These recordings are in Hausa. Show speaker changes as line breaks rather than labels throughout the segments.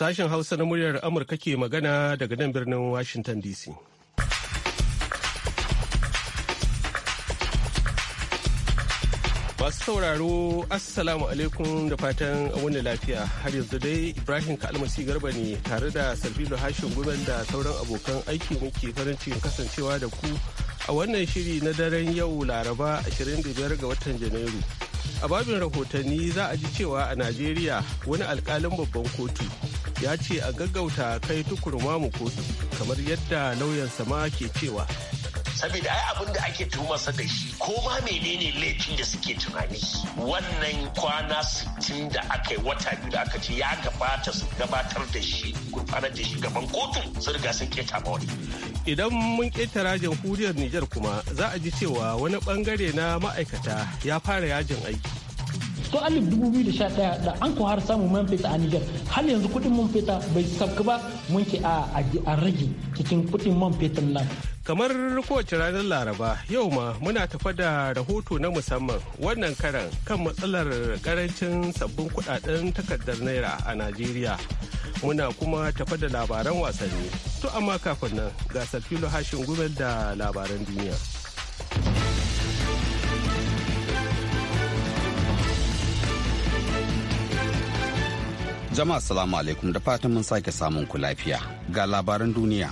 Sashen Hausa na muryar Amurka ke magana daga nan birnin Washington DC. Masu sauraro, Assalamu alaikum da fatan wani lafiya. Har yanzu dai Ibrahim Kalmasi Garba ne tare da Salfilo Hashin Gumen da sauran abokan aiki muke farin cikin kasancewa da ku a wannan shiri na daren yau laraba 25 ga watan janairu a babin rahotanni za a ji cewa a najeriya wani alkalin babban kotu ya ce a gaggauta kai tukurma mu kotu kamar yadda lauyan sama ke cewa
saboda ai abin da ake tuhumarsa da shi ko ma menene laifin da suke tunani wannan kwana sittin da aka yi wata biyu da aka ce ya gabata su gabatar da shi gurfanar da shi gaban kotu sun riga sun keta ba wani
idan mun ketara jamhuriyar Nijar kuma za a ji cewa wani bangare na ma'aikata ya fara yajin aiki
to alif 2011 da an har samun man feta a nijar har yanzu kuɗin man feta bai sabka ba mun ke a rage cikin kuɗin man fetur nan
kamar kowace ranar laraba yau ma muna tafa da rahoto na musamman wannan karan kan matsalar karancin sabbin kudaden takardar naira a najeriya muna kuma tafa da labaran wasanni to amma kafin nan gasar filo hashin gubel da labaran duniya
jama'a salamu alaikum da fatan mun sake samun ku lafiya ga labaran duniya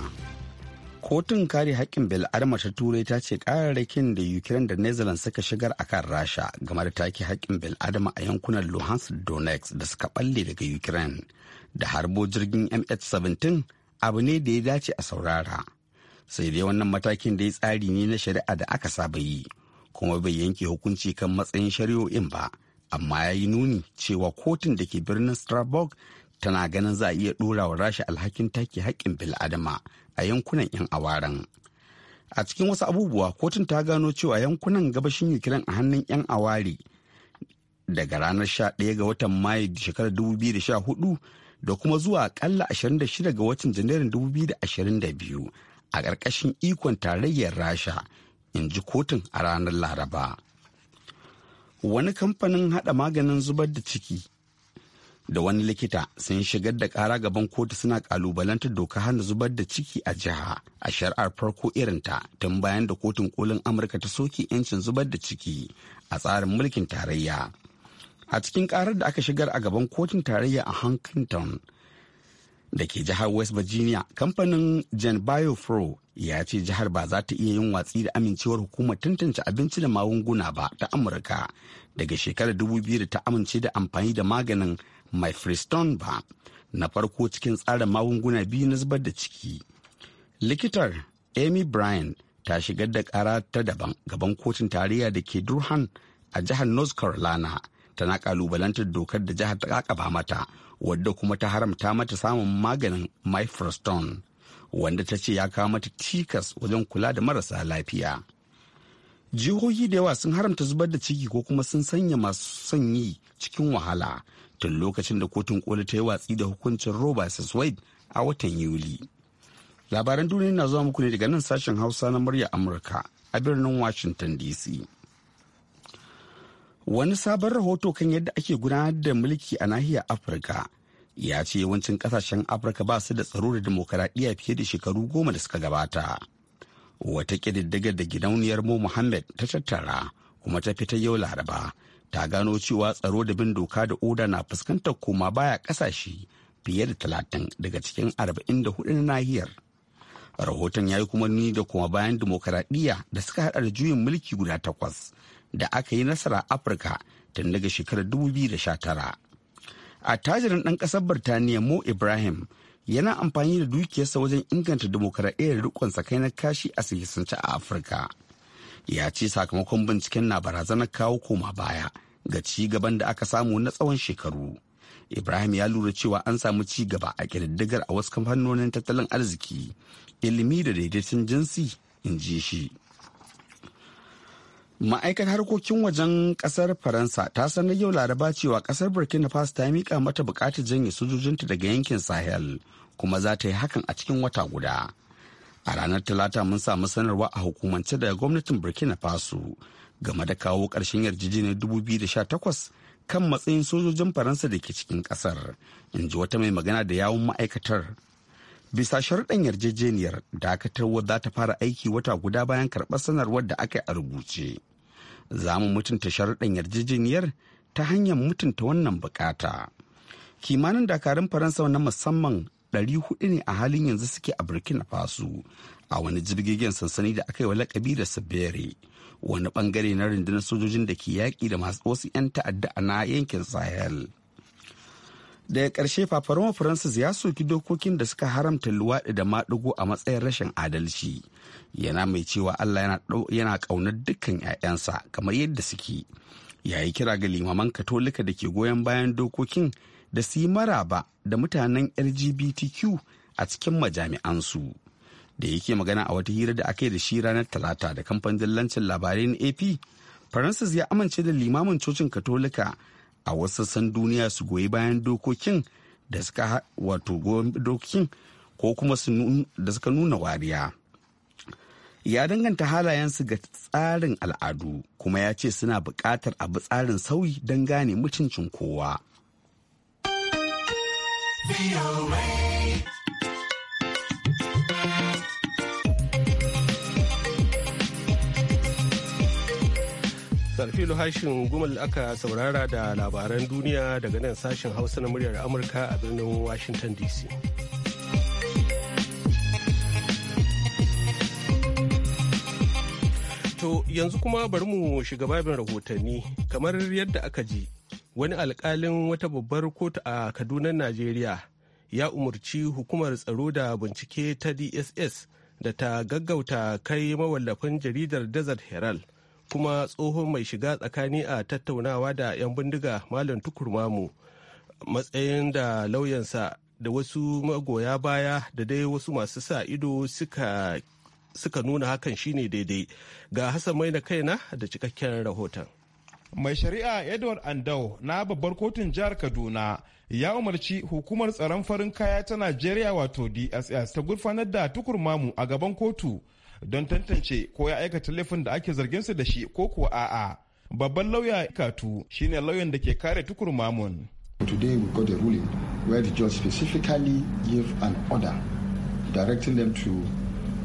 kotun kare haƙƙin bil'adama ta turai ta ce kararrakin da ukraine da netherlands suka shigar a kan rasha game da take haƙƙin bil'adama a yankunan luhansk donetsk da suka balle daga ukraine da harbo jirgin mh17 abu ne da ya dace a saurara sai dai wannan matakin da ya tsari ne na shari'a da aka saba yi kuma bai yanke hukunci kan matsayin shari'o'in ba amma ya yi nuni cewa kotun da ke birnin strasbourg tana ganin za a iya ɗora wa rasha alhakin take haƙƙin bil'adama a yankunan 'yan awaran. A cikin wasu abubuwa kotun ta gano cewa yankunan gabashin Ukraine a hannun 'yan awari daga ranar 11 ga watan Mayu shekarar 2014 da kuma zuwa akalla 26 ga watan Janairun 2022 a ƙarƙashin ikon tarayyar Rasha, in ji kotun a ranar Laraba. Wani kamfanin haɗa maganin zubar da ciki da wani likita sun shigar da kara gaban kotu suna kalubalantar doka hana zubar da ciki a jiha a shari'ar farko irinta tun bayan da kotun kolin amurka ta soke 'yancin zubar da ciki a tsarin mulkin tarayya a cikin karar da aka shigar a gaban kotun tarayya a huntington da ke jihar west virginia kamfanin gen biofro ya ce jihar ba za ta iya yin watsi da amincewar hukumar tantance abinci da magunguna ba ta amurka daga shekarar da ta amince da amfani da maganin mifriston ba na farko cikin tsarin magunguna biyu na zubar da ciki likitar amy bryan ta shigar da kara ta daban gaban kotun tarayya da ke durhan a jihar north carolina tana kalubalantar dokar da jihar ta kakaba mata wadda kuma ta haramta mata samun maganin mifriston wanda ta ce ya kawo mata tikas wajen kula da marasa lafiya jihohi da yawa sun haramta zubar da ciki ko kuma sun sanya masu sanyi cikin wahala tun lokacin da kotun koli ta yi watsi da hukuncin roba wade a watan yuli labaran duniya na zuwa muku ne daga nan sashen hausa na murya amurka a birnin washington dc wani sabon rahoto kan yadda ake gudanar da mulki a nahiyar afirka ya ce yawancin kasashen afirka ba su da tsaro da demokaradiyya fiye da shekaru goma da suka gabata wata ƙididdigar da gidauniyar mu muhammad ta tattara kuma ta fita yau laraba ta gano cewa tsaro da bin doka da oda na fuskantar koma baya kasashe fiye da talatin daga cikin arba'in da hudu na nahiyar rahoton ya yi kuma nuni da koma bayan demokaradiyya da suka hada da juyin mulki guda takwas da aka yi nasara afirka tun daga shekarar 2019 a tajirin ɗan ƙasar birtaniya mo ibrahim yana amfani da dukiyarsa wajen inganta demokaradiyyar rikon na kashi a siyasance a afirka ya ce sakamakon binciken na barazanar kawo koma baya ga ci gaban da aka samu na tsawon shekaru. Ibrahim ya lura cewa an samu ci gaba a ƙididdigar a wasu kamfanonin tattalin arziki, ilimi da daidaitun jinsi in ji shi. Ma'aikatar harkokin wajen ƙasar Faransa ta sanar yau laraba cewa ƙasar Burkina Faso ta mika mata buƙatar janye sojojinta daga yankin Sahel, kuma za ta yi hakan a cikin wata guda. a ranar talata mun samu sanarwa a hukumance daga gwamnatin burkina faso game da kawo ƙarshen yarjejeniyar da sha 2018 kan matsayin sojojin faransa da ke cikin ƙasar in ji wata mai magana da yawun ma'aikatar bisa sharuɗan yarjejeniyar dakatarwa za ta fara aiki wata guda bayan karɓar sanarwar da aka yi a rubuce za mu mutunta sharuɗan yarjejeniyar ta hanyar mutunta wannan bukata kimanin dakarun faransa na musamman hudu ne a halin yanzu suke a burkina faso a wani jirgin sansani da aka yi wa lakabi da sabere wani bangare na rundunar sojojin da ke yaƙi da masu wasu 'yan ta'adda a na yankin sahel daga ƙarshe fafaroma francis ya soki dokokin da suka haramta luwaɗi da maɗigo a matsayin rashin adalci yana mai cewa allah yana ƙaunar dukkan 'ya'yansa kamar yadda suke yayi kira ga limaman katolika da ke goyon bayan dokokin da su yi maraba da mutanen lgbtq a cikin majami'ansu da yake magana a wata hira da aka yi da shi ranar talata da kamfanin lancin labarai na ap faransis ya amince da limamin cocin katolika a wasu san duniya su goyi bayan dokokin da suka wato dokokin ko kuma da suka nuna wariya ya danganta halayensu ga tsarin al'adu kuma ya ce suna buƙatar abu tsarin sauyi don gane mutuncin kowa
sarfilo
hashin gumal aka saurara da labaran duniya daga nan sashen hausa na muryar amurka a birnin washington dc to yanzu kuma bari mu shiga babin rahotanni kamar yadda aka ji wani alkalin wata babbar kotu a kaduna najeriya ya umarci hukumar tsaro da bincike ta dss da ta gaggauta kai mawallafin jaridar desert herald kuma tsohon mai shiga tsakani a tattaunawa da 'yan bindiga malam tukurmamu matsayin da lauyansa da wasu magoya baya da dai wasu masu sa ido suka nuna hakan shine daidai ga hasan mai na kaina
da cikakken rahoton mai shari'a edward andau na babbar kotun jihar kaduna ya umarci hukumar tsaron farin kaya ta najeriya wato dss ta gurfanar da tukurmamu a gaban kotu don tantance ko ya aikata laifin da ake zargin su da shi ko kuwa a'a babban lauya katu shine lauyan da ke kare tukurmamun Today we got a ruling where the judge specifically gave an order directing them to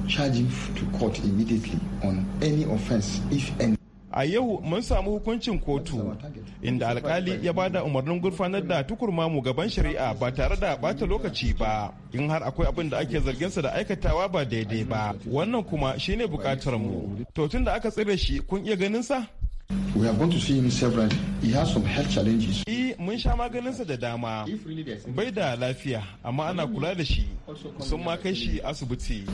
charge him to court immediately on any offense if any. a yau mun samu hukuncin kotu inda alkali ya bada umarnin gurfanar da tukurma mu gaban shari'a ba tare da bata lokaci ba in har akwai abin da ake zargin sa da aikatawa ba daidai ba wannan kuma shine bukatar mu to tun da aka tsire shi kun iya ganin sa we are going to see him several he has some health challenges mun sha maganinsa da dama bai da lafiya amma ana kula da shi sun ma kai shi asibiti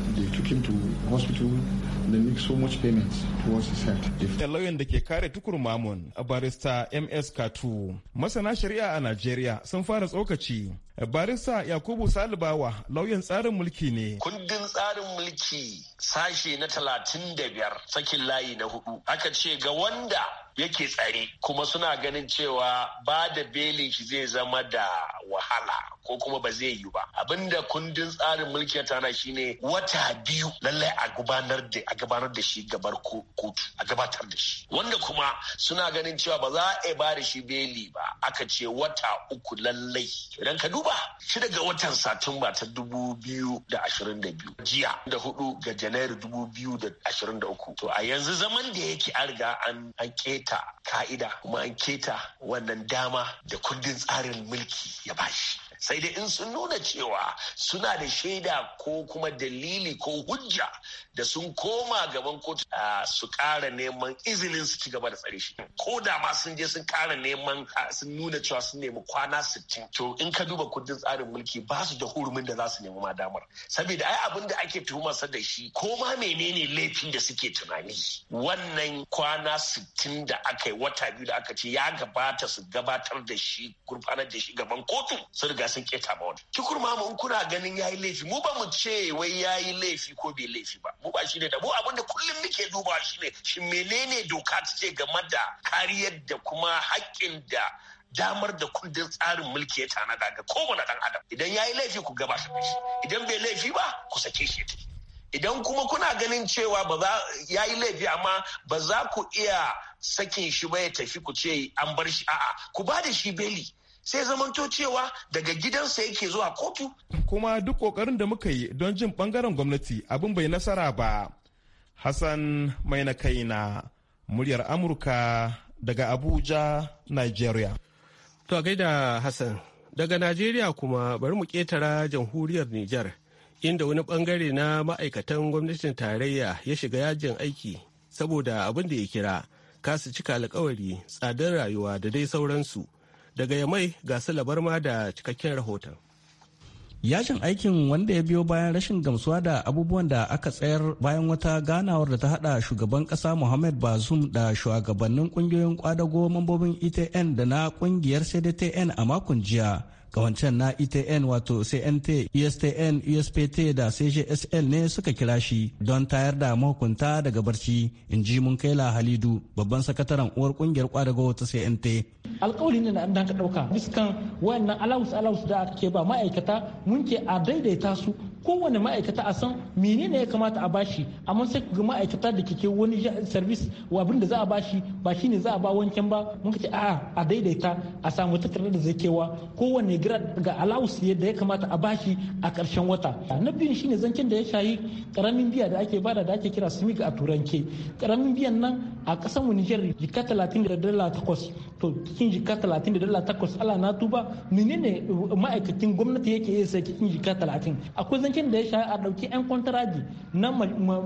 lauyan da ke kare tukur mamun a barista ms katu masana shari'a a najeriya sun fara tsokaci barista yakubu salibawa lauyan tsarin mulki ne
kundin tsarin mulki sashe na talatin da biyar sakin layi na hudu aka ce ga wanda yake tsare kuma suna ganin cewa ba da belin shi zai zama da wahala ko kuma ba zai yi ba abinda kundin tsarin mulki tana shine wata biyu lallai a gabanar da a gabanar da shi gabar kotu a gabatar da shi wanda kuma suna ganin cewa ba za a ba da shi beli ba aka ce wata uku lallai idan ka duba shi daga watan satumba ta dubu biyu da ashirin da biyu jiya da hudu ga janairu dubu biyu da ashirin da uku to a yanzu zaman da yake an an keta keta ka'ida kuma an keta wannan dama da kundin tsarin mulki ya bashi sai dai in sun nuna cewa suna da shaida ko kuma dalili ko hujja da sun koma gaban kotu a su ƙara neman izinin su ci gaba da tsare shi ko da ma sun je sun ƙara neman sun nuna cewa sun nemi kwana sittin to in ka duba kundin tsarin mulki ba su da hurumin da za su nemi ma damar saboda ai abin da ake tuhumarsa da shi ko ma menene laifin da suke tunani wannan kwana sittin da aka yi wata biyu da aka ce ya gabata su gabatar da shi gurfanar da shi gaban kotu sun sun keta ma wani tukur ma mun kuna ganin yayi laifi mu ba mu ce wai yayi laifi ko bai laifi ba mu ba shine da mu abin da kullum muke dubawa shine shin menene doka ta ce game da kariyar da kuma haƙƙin da damar da kundin tsarin mulki ya tanada ga kowane ɗan adam idan yayi laifi ku gabatar da shi idan bai laifi ba ku sake shi idan kuma kuna ganin cewa ba za ya yi laifi amma ba za ku iya sakin shi ba ya tafi ku ce an bar shi a'a ku ba da shi beli sai zamanto cewa daga gidansa yake zuwa kotu.
Kuma duk ƙoƙarin da muka yi don jin bangaren gwamnati abin bai nasara ba. Hassan mai na kaina muryar Amurka daga Abuja, Nigeria. To gaida
Hassan, daga Najeriya kuma bari mu ketara jamhuriyar Nijar, inda wani ɓangare na ma'aikatan gwamnatin tarayya ya shiga yajin aiki saboda abin da ya kira kasu cika alkawari tsadar rayuwa da dai sauransu. Daga Yamai ga labar ma da cikakken rahoton.
yashin aikin wanda ya biyo bayan rashin gamsuwa da abubuwan da aka tsayar bayan wata ganawar da ta hada shugaban kasa mohammed Bazoum da shugabannin kungiyoyin kwadago mambobin ETN da na kungiyar CDTN a makon jiya. kawancen na etn wato cnt estn uspt e da cjsl ne suka kira shi don tayar da mahukunta daga barci in ji mun kaila halidu babban sakataren uwar kungiyar kwadago ta cnt
alkawarin ne na an ka dauka biskan wayannan alawus alawus da aka ke ba ma'aikata mun ke a daidaita su kowane ma'aikata a san menene ya kamata a bashi amma sai ga ma'aikata da ke wani service abin da za a bashi ba shine za a ba wancan ba mun ce a a daidaita a samu takardar da zai kewa kowane grad ga allowance yadda ya kamata a bashi a karshen wata na biyun shine zancen da ya shayi karamin biya da ake bada da ake kira smig a turance karamin biyan nan a ƙasar mu Niger jika 30 da dala takwas to cikin jika 30 da dala takwas ala na tuba menene eh, ma'aikacin gwamnati yake iya sai cikin jika 30 akwai zancen da ya sha a dauki yan kwantaraji na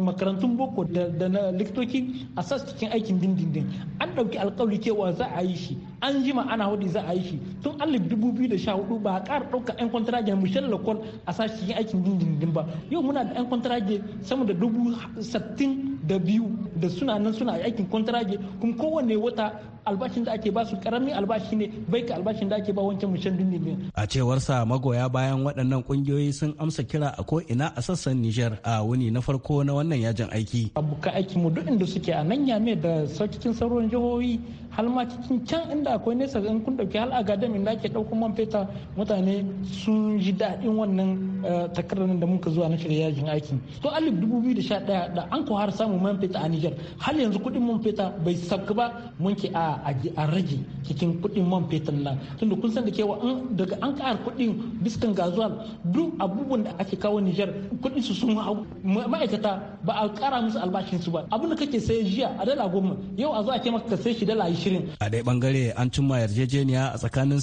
makarantun boko da na likitoci a sas cikin aikin dindindin an dauki alkawari cewa za a yi shi an jima ana hudu za a yi shi tun alif dubu biyu da sha hudu ba a ƙara ɗauka 'yan kwantarage michel lakon a sashi cikin aikin dindindin ba yau muna da 'yan kwantarage sama da dubu sattin da biyu da suna nan suna aikin kwantarage kuma kowane wata albashin da ake ba su karami albashi ne bai ka albashin da ake ba wancan mutum dindin ne
a cewar sa magoya bayan waɗannan kungiyoyi sun amsa kira a ko ina a sassan nijar a wuni na farko na wannan yajin aiki
abuka aiki mu duk inda suke a nan yame da cikin sauran jihohi har ma cikin can inda akwai nesa in kun dauki hal agadam inda ake dauko man fetur mutane sun ji daɗin wannan eh, takardar da muka zuwa na shirya yajin aiki to alif 2011 da an ko har samu man fetur a nijar har yanzu kuɗin man fetur bai sabka ba mun ke a a rage cikin kuɗin man fetur nan tunda kun san da cewa daga an ƙara kuɗin biskan gazuwal duk abubuwan da ake kawo Nijar kuɗi su sun hau ma'aikata ba a kara musu albashin su ba abin da kake sai jiya a dala goma yau a zo a ce maka sai shi dala ashirin.
A ɗaya bangare an cimma yarjejeniya a tsakanin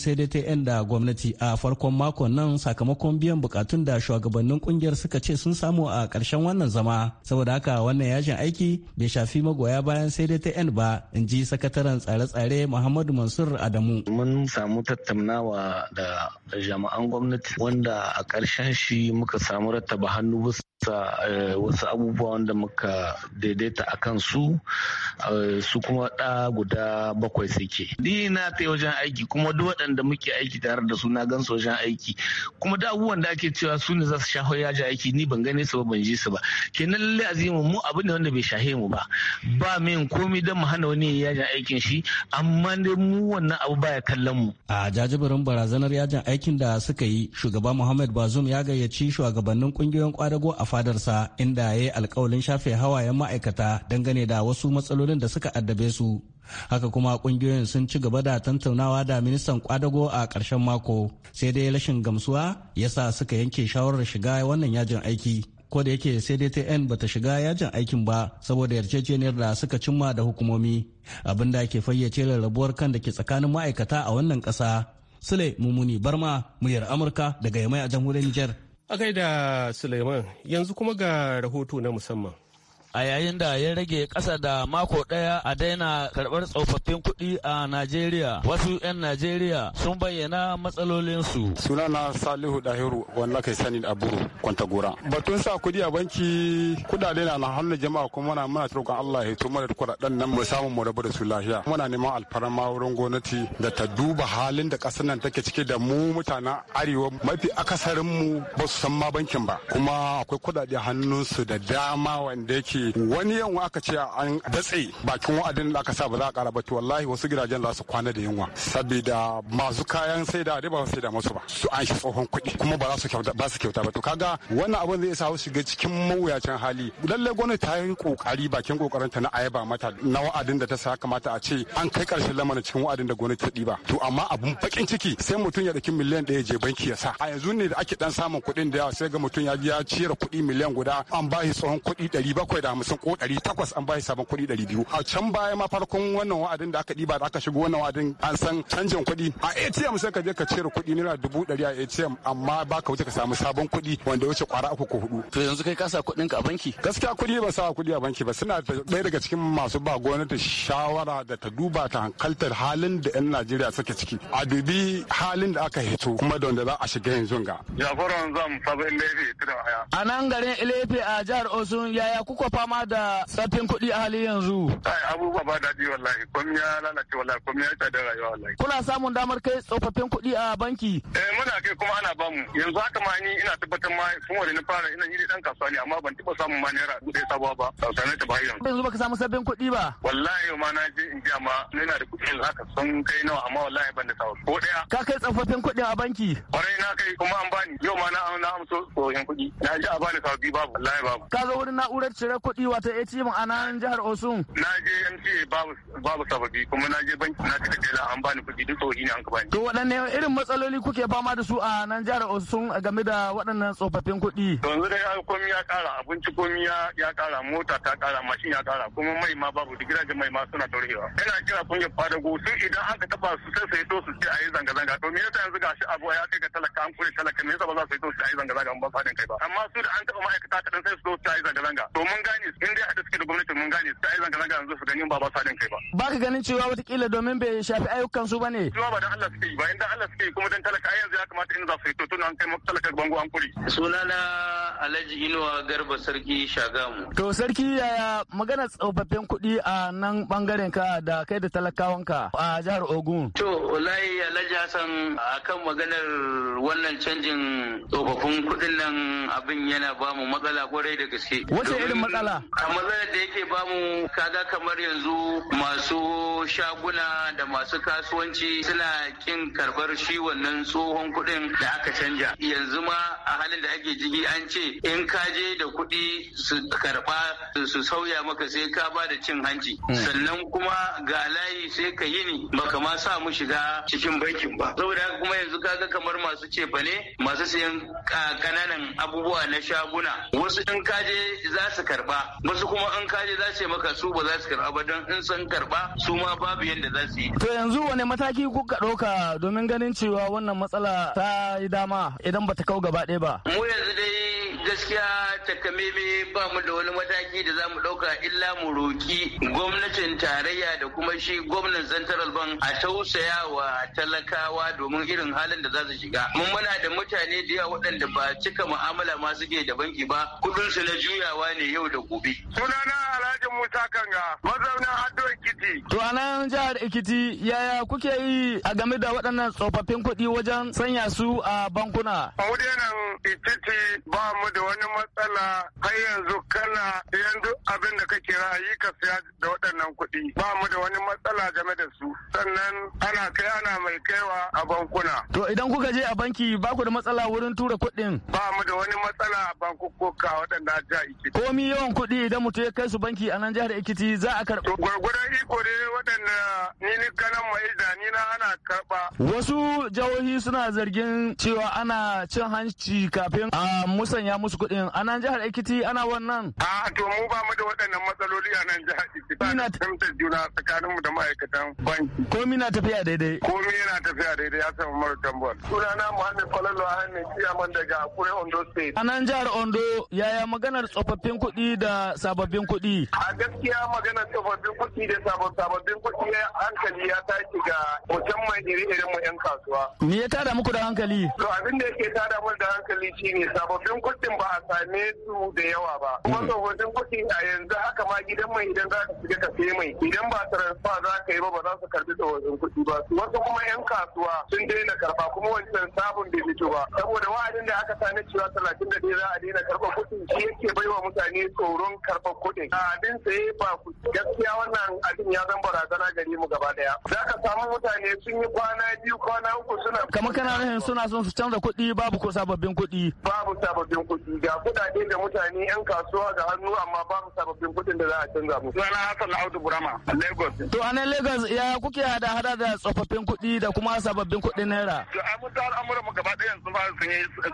yan da gwamnati a farkon makon nan sakamakon biyan bukatun da shugabannin kungiyar suka ce sun samu a karshen wannan zama saboda haka wannan yajin aiki bai shafi magoya bayan yan ba in ji sakataren tsare tsare-tsare Muhammadu Mansur Adamu.
Mun samu tattaunawa da jama'an gwamnati wanda a ƙarshen shi muka samu rattaba hannu sa eh, wasu abubuwa wanda muka daidaita a kan su eh, su kuma da guda bakwai suke ni na ta wajen aiki kuma duk waɗanda muke aiki tare da su na gan su wajen aiki kuma da abubuwan da ake cewa su ne za su shafa yaji aiki ni ban gane su ba ban ji su ba kenan lalle azimu mu abin ne wanda bai shahe mu ba ba min komai don mu hana wani yajin aikin shi amma dai mu wannan abu baya kallon mu
a jajibirin barazanar yajin aikin da suka yi shugaba muhammad bazum ya gayyaci shugabannin kungiyoyin kwadago a fadarsa inda ya yi alkawalin shafe hawayen ma'aikata dangane da wasu matsalolin da suka addabe su haka kuma kungiyoyin sun ci gaba da tantaunawa da ministan kwadago a ƙarshen mako sai dai rashin gamsuwa ya sa suka yanke shawarar shiga wannan yajin aiki ko da yake sai dai ta yan bata shiga yajin aikin ba saboda yarjejeniyar da suka cimma da hukumomi abin da ke fayyace rarrabuwar kan da ke tsakanin ma'aikata a wannan ƙasa sule mumuni barma muryar amurka daga yamai a jamhuriyar niger A gaida Suleiman yanzu kuma ga rahoto na musamman.
a yayin da ya rage ƙasa da mako ɗaya a daina karɓar tsofaffin kuɗi a Najeriya. Wasu 'yan Najeriya sun bayyana
matsalolinsu. na Salihu Dahiru wanda kai sani da Aburu Kwantagora. Batun sa kuɗi a banki kuɗaɗe na hannun jama'a kuma na muna roƙon Allah ya tuma da kuɗaɗen nan mu samu mu rabu da su lafiya. Muna neman alfarma wurin gwamnati da ta duba halin da ƙasar nan take cike da mu mutanen arewa mafi akasarin mu ba su san ma bankin ba kuma akwai kuɗaɗe hannunsu da dama wanda yake ce wani yanwa aka ce an datse bakin wa'adin da aka sa ba za a kara ba to wallahi wasu gidajen za su kwana da yunwa saboda masu kayan saida da ba sai saida musu ba su an shi tsohon kuɗi kuma ba za su kyauta ba su kyauta ba to kaga wannan abin zai sa su shiga cikin mawuyacin hali lalle gwamnati ta yi kokari bakin kokarin ta na ayaba mata na wa'adin da ta sa kamata a ce an kai karshen lamarin cikin wa'adin da gwamnati ta ɗiba to amma abun bakin ciki sai mutum ya ɗauki miliyan ɗaya je banki ya sa a yanzu ne da ake dan samun kuɗin da yawa sai ga mutum ya biya ciyar kuɗi miliyan guda an ba shi tsohon kuɗi ɗari da hamsin ko ɗari takwas an bashi sabon kuɗi ɗari biyu a can baya ma farkon wannan wa'adin da aka ɗiba da aka shigo wannan wa'adin an san canjin kuɗi a atm sai ka je ka cire kuɗi naira dubu ɗari a atm amma ba ka wuce ka samu sabon kuɗi wanda wuce kwara uku ko hudu. to yanzu kai ka sa kuɗin ka a banki. gaskiya kuɗi ba sa kuɗi a banki ba suna ɗaya daga cikin masu ba gwamnati shawara da ta duba ta hankaltar halin da 'yan najeriya suke ciki a dubi halin da aka hito kuma da wanda za a shiga yanzu ga.
jagoran zan sabon lefe a nan garin lefe a jihar osun yaya kuka fama da tsafin kuɗi a halin yanzu? Ai, Abubuwa ba daɗi wallahi, komi ya lalace wallahi, komi ya tsada rayuwa wallahi. Kuna samun damar kai tsofaffin kuɗi a banki? Eh muna kai kuma ana yanzu haka ma ni ina tabbatar ma sun wani na fara ina yi dan kasuwa ne amma ban taba samun ma naira dubu ɗaya sabuwa ba sanar ta bayan yanzu yanzu baka samu sabbin kuɗi ba wallahi ma na je in ji amma ina da kuɗi yanzu haka sun kai nawa amma wallahi ban da sawa ko daya ka kai tsofaffin kuɗin a banki kwarai na kai kuma an bani yau ma na na amso tsohon kuɗi na ji a bani sawa biyu babu wallahi babu ka zo wurin na'urar cire kuɗi wato ATM a nan jihar Osun na je MCA babu babu sababi kuma na je banki na cika jela an bani kuɗi duk tsohi ne an ka bani to waɗanne irin matsaloli kuke fama da su a nan jihar sun game da waɗannan tsofaffin kuɗi. Yanzu dai komi ya ƙara abinci komi ya ƙara mota ta ƙara mashin ya ƙara kuma mai ma babu gidajen mai ma suna ɗorewa. Yana kira kun kungiyar fadago sun idan aka taɓa su sai su yi to su ce a yi zanga-zanga to me yasa yanzu ga shi abu ya kai ga talaka an kure talaka me yasa ba za su yi to su yi zanga-zanga ba fadin kai ba. Amma su da an taɓa ma'aikata kaɗan sai su zo su yi zanga-zanga to mun gane in dai haɗa suke da gwamnati mun gane su yi zanga-zanga yanzu su ganin ba ba fadin kai ba. Ba ka ganin cewa watakila domin bai shafi ayyukan su ba ne. Cewa ba dan Allah suke yi ba in dan Allah suke yi kuma dan talaka yanzu ya kamata in za su yi to tun an kai talakar bango an kuri. Sunana Alhaji Inuwa Garba Sarki Shagamu. To Sarki yaya magana tsofaffin kuɗi a nan bangaren ka da kai da talakawan ka a jihar Ogun. To wallahi Alhaji Hassan kan maganar wannan canjin tsofaffin kuɗin nan abin yana ba mu matsala kwarai da gaske. Wace irin matsala? A matsalar da yake ba mu kaga kamar yanzu masu shaguna da masu kasuwanci suna kin karɓar shi wannan tsohon kuɗin da aka canza. canja yanzu ma a halin da ake jigi an ce in ka je da kuɗi su karɓa su sauya maka sai ka ba da cin hanci hmm. sannan kuma ga layi sai ka yi ni baka ma sa mu shiga cikin bankin ba saboda haka kuma yanzu kaga kamar masu cefane masu sayan kananan abubuwa na shaguna wasu in je za su karba wasu kuma in je za su maka su ba za su karba ba don in sun karba su ma babu yadda za su yi to yanzu wani mataki kuka ɗauka domin ganin cewa wannan matsala ta yi dama dama idan bata kau gaba ɗaya ba. Mu yanzu dai gaskiya takamaimai ba mu da wani mataki da za mu ɗauka illa mu roki gwamnatin tarayya da kuma shi gwamnan central bank a tausaya wa talakawa domin irin halin da za su shiga. Mun muna da mutane da yawa waɗanda ba cika mu'amala ma suke da banki ba kudin su na juyawa ne yau da gobe. Sunana Alhaji Musa Kanga mazaunin Ado Ekiti. To a nan jihar Ekiti yaya kuke yi a game da waɗannan tsofaffin kuɗi wajen sanya su a bankuna? A nan Ekiti ba mu da da wani matsala har yanzu kana yanzu duk abin da kake ra'ayi ka siya da waɗannan kuɗi ba mu da wani matsala game da su sannan ana kai ana mai kaiwa a bankuna. To idan kuka je a banki ba ku da matsala wurin tura kuɗin? Ba mu da wani matsala a k'a waɗanda ja Ikiti. Komi yawan kuɗi idan mutum ya kai su banki a nan jihar Ekiti za a karɓi. Gwargwadon iko ne waɗanda ni ni kanan mai da ni na ana karɓa. Wasu jihohi suna zargin cewa ana cin hanci kafin a musanya musu musu kuɗin a nan jihar Ekiti ana wannan. A to mu ba mu da waɗannan matsaloli a nan jihar Ekiti ba na fahimtar juna mu da ma'aikatan banki. Komi na tafiya daidai. Komi yana tafiya daidai ya samu mara tambol. Sunana Muhammad Falalu a hannun ciyaman daga Akure Ondo State. A nan jihar Ondo yaya maganar tsofaffin kuɗi da sababbin kuɗi? A gaskiya maganar tsofaffin kuɗi da sababbin kuɗi eh, hankali ya tashi ga musamman iri-irin mu 'yan kasuwa. Me ya tada muku da hankali? To abin da yake tada mu da hankali shine sababbin kuɗin ba a same su da yawa ba kuma wajen mhm. kuɗi a yanzu haka ma gidan mai idan za ka shiga ka mai idan ba transfer za ka yi ba ba za su karbi wajen kuɗi ba wasu kuma yan kasuwa sun daina karba kuma wancan sabon bai fito ba saboda wa'adin da aka sani cewa talatin da ɗaya za a daina karɓa kuɗi shi yake bai wa mutane tsoron karɓar kuɗi abin saye ba ku gaskiya wannan abin ya zan barazana gare mu gaba daya za ka samu mutane sun yi kwana biyu kwana uku suna kamar kana nufin suna son su canza kuɗi babu ko sababbin kuɗi babu sababbin kuɗi ga kudade da mutane 'yan kasuwa ga hannu amma ba mu sababbin kudin da za a canza mu. Sunana Hassan Audu Burama a Lagos. To a nan Lagos ya kuke hada hada da tsofaffin kudi da kuma sababbin kudin naira. To ai mun ta al'amuran mu gaba ɗaya sun fara sun yi sun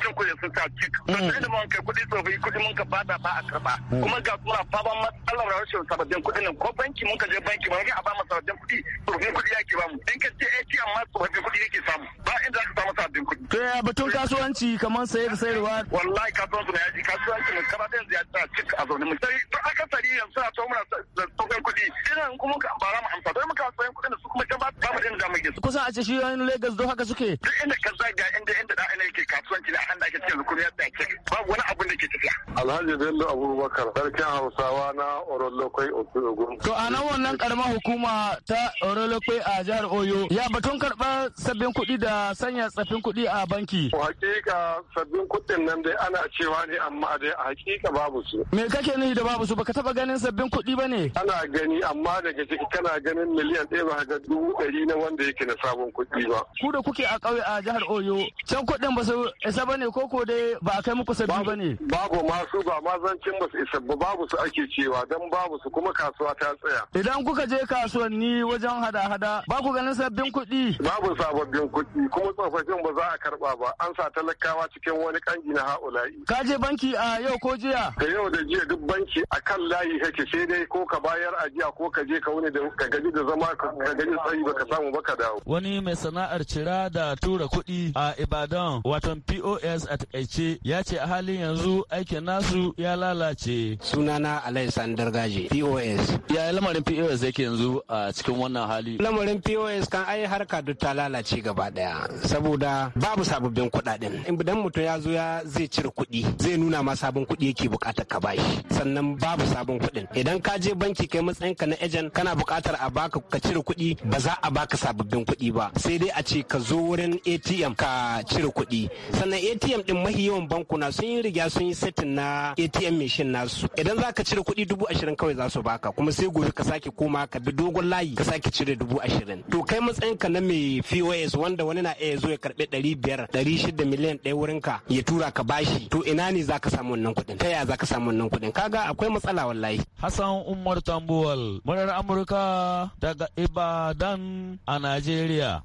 cin kudi sun sa cik. To sai da mun kai kudi tsofaffi kudi mun ka bada ba a karɓa. Mm. Kuma ga kuma faban matsalar rashin sababbin kudin nan ko banki mun ka je banki ba a ba mu sababbin kudi tsofaffin kuɗi yake ba mu. In ka ce eh amma tsofaffin kuɗi yake samu. Ba inda ka samu sababbin kudi. To ya batun kasuwanci kamar sayar da sayarwa. wallahi kasuwanci na yaji kasuwanci mu kaba da yanzu ya cik a zaune mu sai to aka sari yanzu a to muna da kuɗi idan kuma ba mu amsa kuɗin su kuma ba mu din da mu Legas. Kusan a ce shiyoyin Legas don haka suke. Duk inda ka zaga inda inda da ina yake kasuwanci da hannu ake cikin rukuni da ke. babu wani abun da ke tafiya. Alhaji Bello Abubakar sarkin Hausawa na Orolokwai Ogun. To a nan wannan karamar hukuma ta Orolokwai a jihar Oyo ya batun karɓar sabbin kuɗi da sanya tsaffin kuɗi a banki.
Hakika sabbin kuɗin nan dai ana cewa ne amma dai a hakika babu su. Me kake nufi da babu
su baka taɓa ganin sabbin kuɗi ba ne?
Ana gani amma daga ciki kana ganin miliyan ɗaya ba ga dubu ɗari na wanda ya yake na sabon kuɗi ba.
Ku da kuke a ƙauye a jihar Oyo can kuɗin ba su isa ba ne koko dai ba a kai muku sabbi ba ne. Babu masu ba
ma zancin ba su isa ba babu su ake cewa don babu su kuma kasuwa ta tsaya.
Idan kuka je kasuwanni wajen hada-hada ba ku ganin sabbin kuɗi. Babu sababbin kuɗi kuma tsofaffin ba za a karɓa ba an sa talakawa cikin wani ƙangi na ha'ula'i. Ka je banki a yau ko jiya?
Da yau da jiya duk banki a kan layi kake sai dai ko ka bayar ajiya ko ka je ka wuni da ka gaji da zama ka gaji tsayi ba ka samu ba ka da dawo.
Wani mai sana'ar cira da tura kuɗi a Ibadan watan POS a takaice ya ce a halin yanzu aikin nasu
ya lalace. Sunana Alexander Gaji POS.
Ya lamarin POS yake
yanzu a cikin wannan hali? Lamarin POS kan ai harka duk ta lalace gaba ɗaya saboda babu sababbin kuɗaɗen. Idan mutum ya zo ya zai cire kuɗi zai nuna ma sabon kuɗi yake buƙatar ka bashi sannan babu sabon kuɗin. Idan ka je banki kai ka na ejen kana buƙatar a baka ka cire kuɗi ba za a baka sababbin kasafin kuɗi ba sai dai a ce ka zo wurin atm ka cire kuɗi sannan atm din mahi yawan bankuna sun yi riga sun yi setin na atm machine nasu idan za ka cire kuɗi dubu ashirin kawai za su baka kuma sai gobe ka sake koma ka bi dogon layi ka sake cire dubu ashirin to kai matsayin ka na mai pos wanda wani na iya zo ya karbi ɗari biyar ɗari shida miliyan ɗaya wurin ka ya tura ka bashi to ina ne za ka samu wannan kuɗin ta yaya za ka samu wannan kuɗin kaga akwai matsala wallahi
hassan umar tambuwal murar amurka
daga ibadan a Najeriya.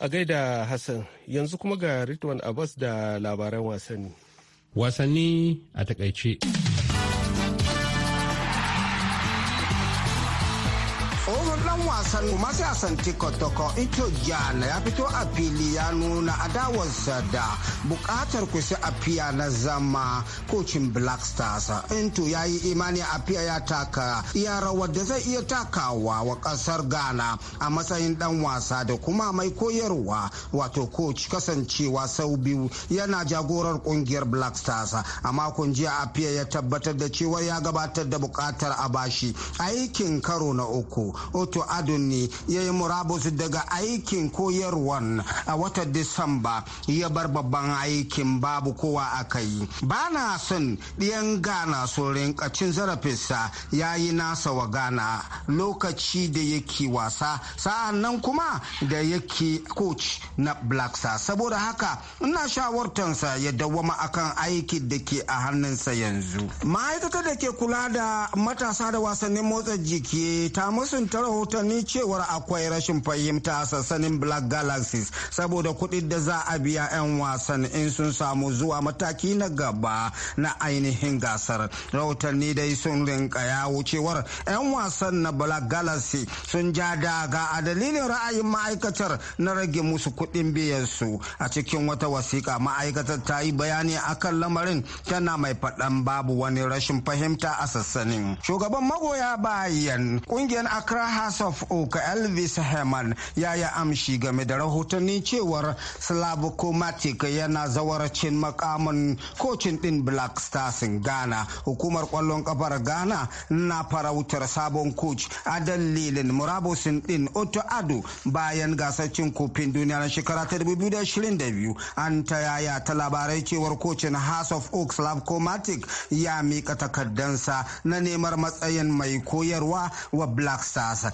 A gaida Hassan
yanzu kuma ga Ritwan Abbas da labaran wasanni. Wasanni a takaice.
wasan kuma san tikotoko ito yana ya fito a fili ya nuna adawarsa da bukatar kusa a fiya na zama kocin black stars into ya yi imani a fiya ya taka iya rawar da zai iya takawa wa kasar ghana a matsayin dan wasa da kuma mai koyarwa wato coach kasancewa sau biyu yana jagorar kungiyar black stars a makon jiya a fiya ya tabbatar da cewa ya gabatar da bukatar a bashi aikin karo na uku oto adon ne ya yi murabus daga aikin koyarwan a watan disamba ya bar babban aikin babu kowa a kai ba na son ɗiyan gana su rinka zarafinsa ya yi nasa wa gana lokaci da yake wasa sa'an nan kuma da yake coach na black sa saboda haka ina shawartansa ya dawama akan aiki da ke a hannunsa yanzu ma'aikata da ke kula da matasa da wasannin motsa jiki ta musunta rahotanni cewar akwai rashin fahimta a sassanin Black Galaxies saboda kuɗin da za a biya 'yan wasan in sun samu zuwa mataki na gaba na ainihin gasar. Rahotanni dai sun rinka yawo cewar 'yan wasan na Black Galaxy sun ja daga a dalilin ra'ayin ma'aikatar na rage musu kudin biyan su a cikin wata wasiƙa ma'aikatar ta yi bayani akan lamarin tana mai faɗan babu wani rashin fahimta a sassanin. Shugaban magoya bayan ƙungiyar Accra House of O cook elvis Heman ya yi amshi game da rahotanni cewar slavocomatic yana zawarcin makamin kocin din black stars in ghana hukumar kwallon kafar ghana na farautar sabon coach a dalilin murabusin din otto ado bayan gasar kofin duniya na shekara ta 2022 an ta yaya ta labarai cewar kocin house of oak slavocomatic ya mika takardansa na neman matsayin mai koyarwa wa black stars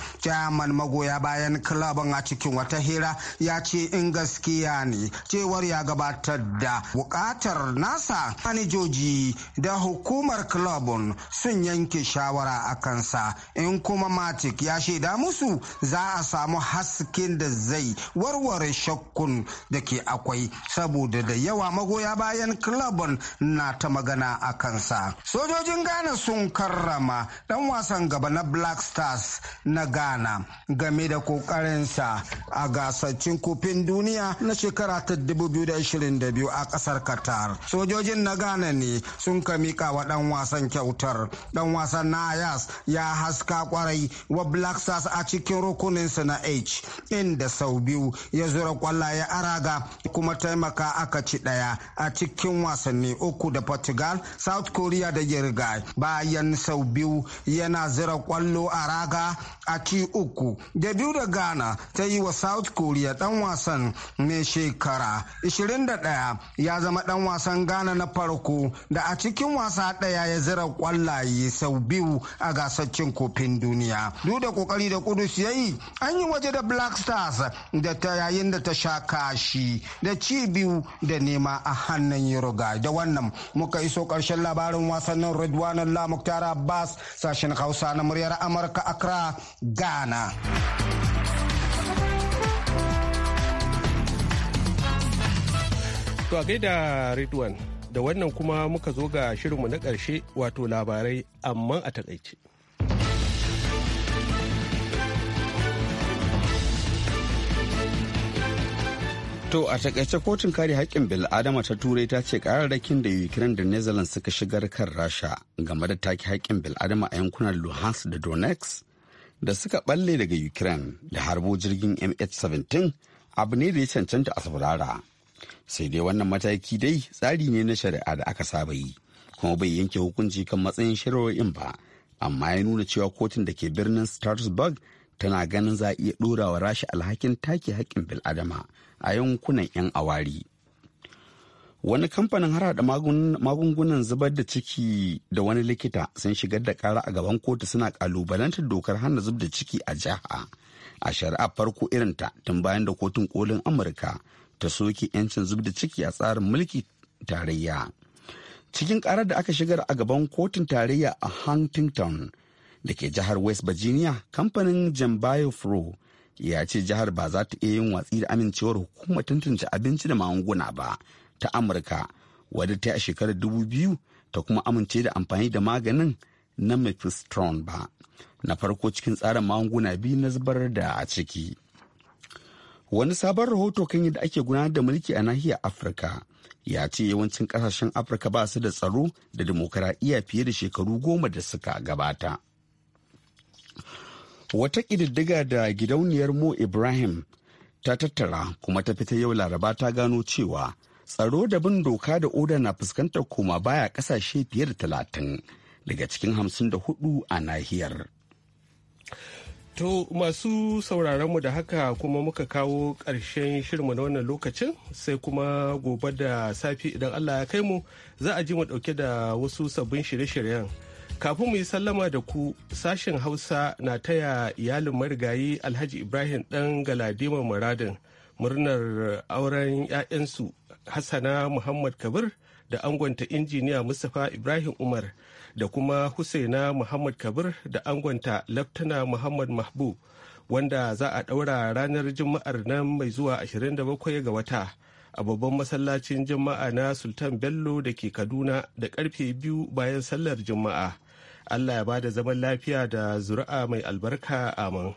musamman magoya bayan kilabin a cikin wata hira ya ce in gaskiya ne cewar ya gabatar da bukatar nasa manijoji da hukumar kilabin sun yanke shawara a kansa in kuma matik ya shaida musu za a samu hasken da zai warware shakkun da ke akwai saboda da yawa magoya bayan kilabin na ta magana a kansa sojojin ghana sun karrama dan wasan gaba na black stars na ghana game da kokarinsa a gasaccin kofin duniya na shekara ta 2022 a kasar qatar sojojin na ghana ne sun ka mika wa dan wasan kyautar dan wasan na ayas ya haska kwarai wa black stars a cikin rukuninsa na h inda sau biyu ya zura kwallaye Araga. kuma taimaka aka ci daya a cikin wasanni uku da portugal south korea da yirga bayan sau biyu yana zira kwallo a raga a ci uku uku da biyu da ghana ta yi wa south korea dan wasan mai shekara 21 ya zama dan wasan ghana na farko da a cikin wasa daya ya zira kwallaye sau biyu a gasar cin kofin duniya duk da kokari da kudus ya yi an yi waje da black stars da ta yayin da ta sha kashi da ci biyu da nema a hannun uruguay da wannan muka iso karshen labarin wasannin redwan lamuktar abbas sashen hausa na muryar amurka accra ghana mañana.
To a gaida Ridwan da wannan kuma muka zo ga shirinmu na ƙarshe wato labarai amma a takaice.
To a takaice kotun kare haƙƙin bil'adama ta turai ta ce kararrakin da Ukraine da Netherlands suka shigar kan Rasha game da take haƙƙin bil'adama a yankunan Luhansk da Donetsk da suka balle daga Ukraine da harbo jirgin MH17 abu ne da ya cancanta a saurara. Sai dai wannan mataki dai tsari ne na shari'a da aka saba yi, kuma bai yanke hukunci kan matsayin shari'o'in ba, amma ya nuna cewa kotun da ke birnin Strasbourg tana ganin za a iya ɗora wa rashi alhakin take haƙƙin bil'adama a yankunan 'yan awari. wani kamfanin harhaɗa magungunan zubar da ciki da wani likita sun shigar da kara a gaban kotu suna kalubalantar dokar hana zub da ciki a jiha a shari'a farko irin ta, tun bayan da kotun kolin amurka ta soke 'yancin zub da ciki a tsarin mulki tarayya cikin karar da aka shigar a gaban kotun tarayya a huntington da ke jihar west virginia kamfanin jambayo pro ya ce jihar ba za ta iya yin watsi da amincewar hukumar tantance abinci da magunguna ba ta amurka wadda ta yi a shekarar dubu biyu ta kuma amince da amfani da maganin na mephistrone ba na farko cikin tsarin magunguna biyu na zubar da a ciki wani sabon rahoto kan yadda ake gudanar da mulki a nahiyar afirka ya ce yawancin kasashen afirka ba su da tsaro da demokaradiyya fiye da shekaru goma da suka gabata wata ƙididdiga da gidauniyar mo ibrahim ta tattara kuma ta fita yau laraba ta gano cewa tsaro da bin doka da oda na fuskantar koma baya kasashe fiye da talatin daga cikin hamsin da hudu a nahiyar.
To masu sauraronmu da haka kuma muka kawo ƙarshen shirinmu na wannan lokacin sai kuma gobe da safi idan Allah ya kai mu za a ji mu ɗauke da wasu sabbin shirye-shiryen. kafin mu yi sallama da ku sashen hausa na taya iyalin marigayi alhaji ibrahim dan galadima muradin murnar auren 'ya'yansu hassana muhammad kabir da angonta injiniya mustapha ibrahim umar da kuma husaina muhammad kabir da angonta laftana muhammad mahbub wanda za a ɗaura ranar juma'ar nan mai zuwa 27 ga wata a babban masallacin juma'a na sultan bello da ke kaduna da karfe biyu bayan sallar juma'a allah ya ba da zaman lafiya da zuri'a mai albarka amin.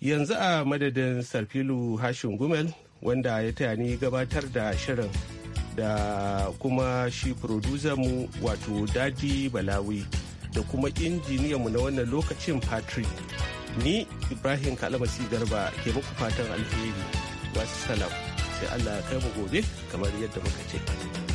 yanzu a madadin sarfilu hashin gumel wanda ya taya ni gabatar da shirin da kuma shi mu wato dadi balawi da kuma injiniyanmu na wannan lokacin patrick ni ibrahim kalamasi garba ke muku fatan alheri wasu salam sai allah ya kai mu gobe kamar yadda muka ce.